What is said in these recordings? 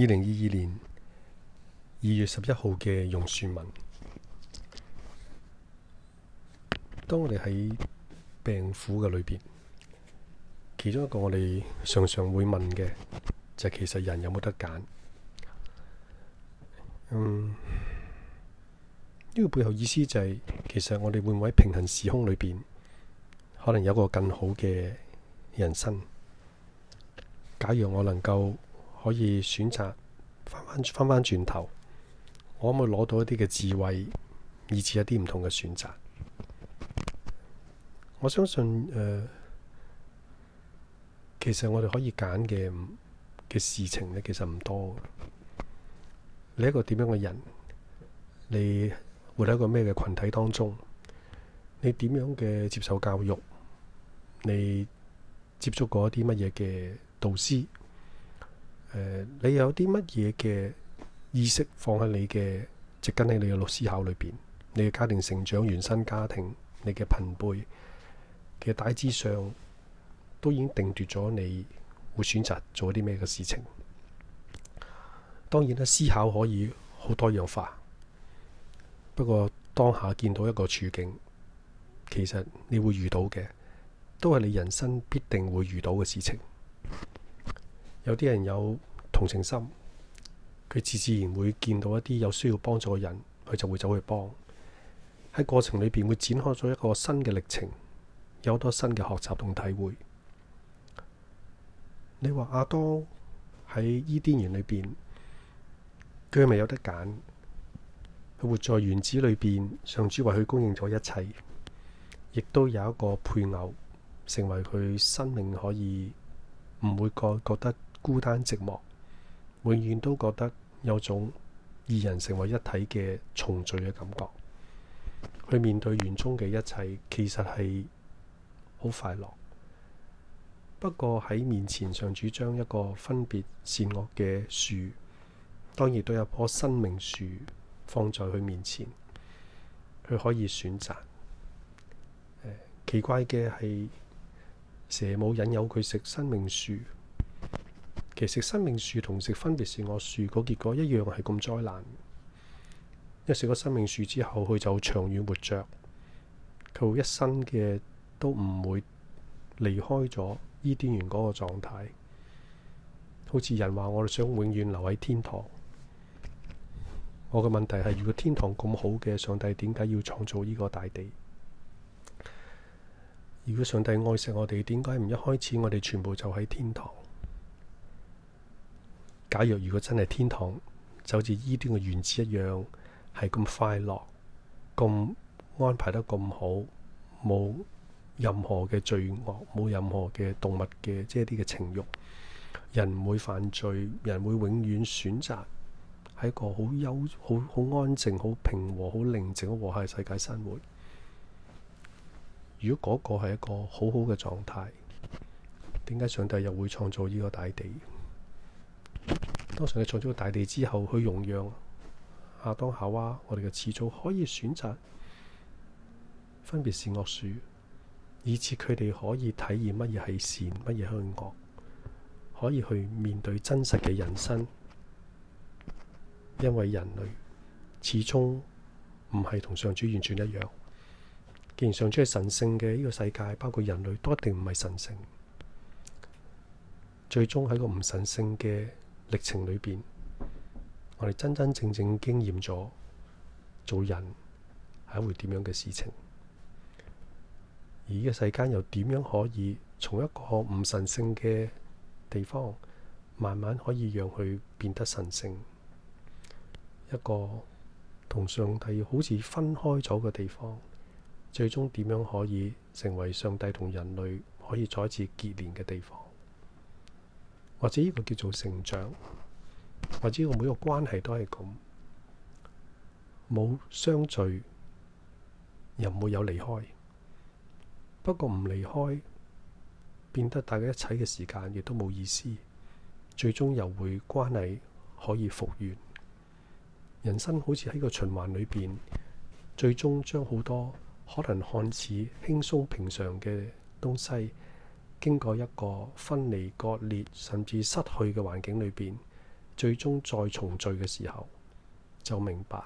二零二二年二月十一號嘅榕樹文，當我哋喺病苦嘅裏邊，其中一個我哋常常會問嘅就係、是，其實人有冇得揀？嗯，呢、這個背後意思就係、是，其實我哋會唔會喺平衡時空裏邊，可能有個更好嘅人生？假如我能夠。可以選擇翻翻翻翻轉頭，我可唔可以攞到一啲嘅智慧，以至一啲唔同嘅選擇？我相信誒、呃，其實我哋可以揀嘅嘅事情咧，其實唔多。你一個點樣嘅人，你活喺一個咩嘅群體當中？你點樣嘅接受教育？你接觸過一啲乜嘢嘅導師？誒、呃，你有啲乜嘢嘅意識放喺你嘅，植根喺你嘅腦思考裏邊，你嘅家庭成長、原生家庭、你嘅朋輩嘅其實大致上，都已經定奪咗你會選擇做啲咩嘅事情。當然啦，思考可以好多樣化，不過當下見到一個處境，其實你會遇到嘅，都係你人生必定會遇到嘅事情。有啲人有。同情心，佢自自然會見到一啲有需要幫助嘅人，佢就會走去幫。喺過程裏邊會展開咗一個新嘅歷程，有好多新嘅學習同體會。你話亞當喺伊甸園裏邊，佢係咪有得揀？佢活在園子裏邊，上主為佢供應咗一切，亦都有一個配偶，成為佢生命可以唔會覺覺得孤單寂寞。永遠都覺得有種二人成為一體嘅重聚嘅感覺。去面對園中嘅一切，其實係好快樂。不過喺面，面前，上主將一個分別善惡嘅樹，當然都有棵生命樹放在佢面前，佢可以選擇。呃，奇怪嘅係蛇冇引誘佢食生命樹。其實生命樹同食分別是我樹嗰，結果一樣係咁災難。一食咗生命樹之後，佢就長遠活着，佢會一生嘅都唔會離開咗伊甸園嗰個狀態。好似人話我哋想永遠留喺天堂，我嘅問題係如果天堂咁好嘅，上帝點解要創造呢個大地？如果上帝愛錫我哋，點解唔一開始我哋全部就喺天堂？假若如，如果真係天堂，就好似伊端嘅原子一樣，係咁快樂，咁安排得咁好，冇任何嘅罪惡，冇任何嘅動物嘅即係啲嘅情慾，人唔會犯罪，人會永遠選擇喺一個好優好好安靜、好平和、好寧靜、和諧世界生活。如果嗰個係一個好好嘅狀態，點解上帝又會創造呢個大地？當上你創咗個大地之後，去容讓亞當夏娃、啊，我哋嘅始祖可以選擇分別善惡樹，以至佢哋可以體驗乜嘢係善，乜嘢係惡，可以去面對真實嘅人生。因為人類始終唔係同上主完全一樣。既然上主係神性嘅呢個世界，包括人類，都一定唔係神性，最終係個唔神性嘅。歷程裏邊，我哋真真正正經驗咗做人係一回點樣嘅事情，而呢個世間又點樣可以從一個唔神聖嘅地方，慢慢可以讓佢變得神聖？一個同上帝好似分開咗嘅地方，最終點樣可以成為上帝同人類可以再次結連嘅地方？或者呢個叫做成長，或者我每個關係都係咁，冇相聚，又冇有離開。不過唔離開，變得大家一齊嘅時間亦都冇意思。最終又會關係可以復原。人生好似喺個循環裏邊，最終將好多可能看似輕鬆平常嘅東西。經過一個分離、割裂甚至失去嘅環境裏邊，最終再重聚嘅時候，就明白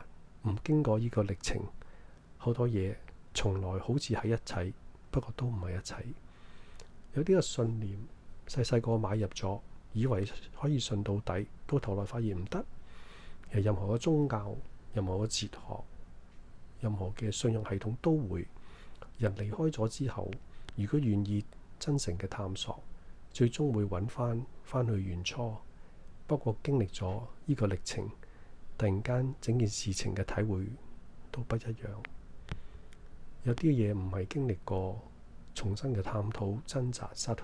唔經過呢個歷程，好多嘢從來好似喺一齊，不過都唔係一齊。有啲嘅信念，細細個買入咗，以為可以信到底，到頭來發現唔得。任何嘅宗教、任何嘅哲學、任何嘅信用系統，都會人離開咗之後，如果願意。真誠嘅探索，最終會揾翻翻去原初。不過經歷咗呢個歷程，突然間整件事情嘅體會都不一樣。有啲嘢唔係經歷過，重新嘅探討、掙扎、失去，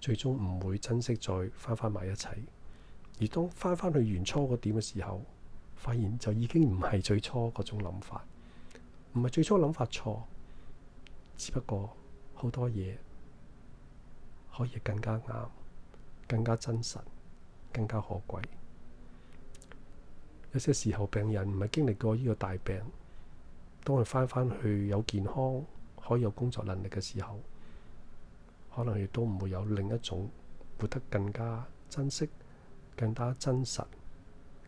最終唔會珍惜再翻返埋一齊。而當翻返去原初嗰點嘅時候，發現就已經唔係最初嗰種諗法，唔係最初諗法錯，只不過。好多嘢可以更加啱，更加真實，更加可貴。有些時候，病人唔係經歷過呢個大病，當佢翻返去有健康，可以有工作能力嘅時候，可能亦都唔會有另一種活得更加珍惜、更加真實、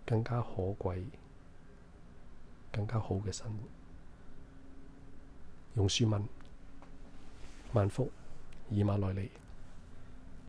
更加可貴、更加好嘅生活。用書問。萬福以馬內利。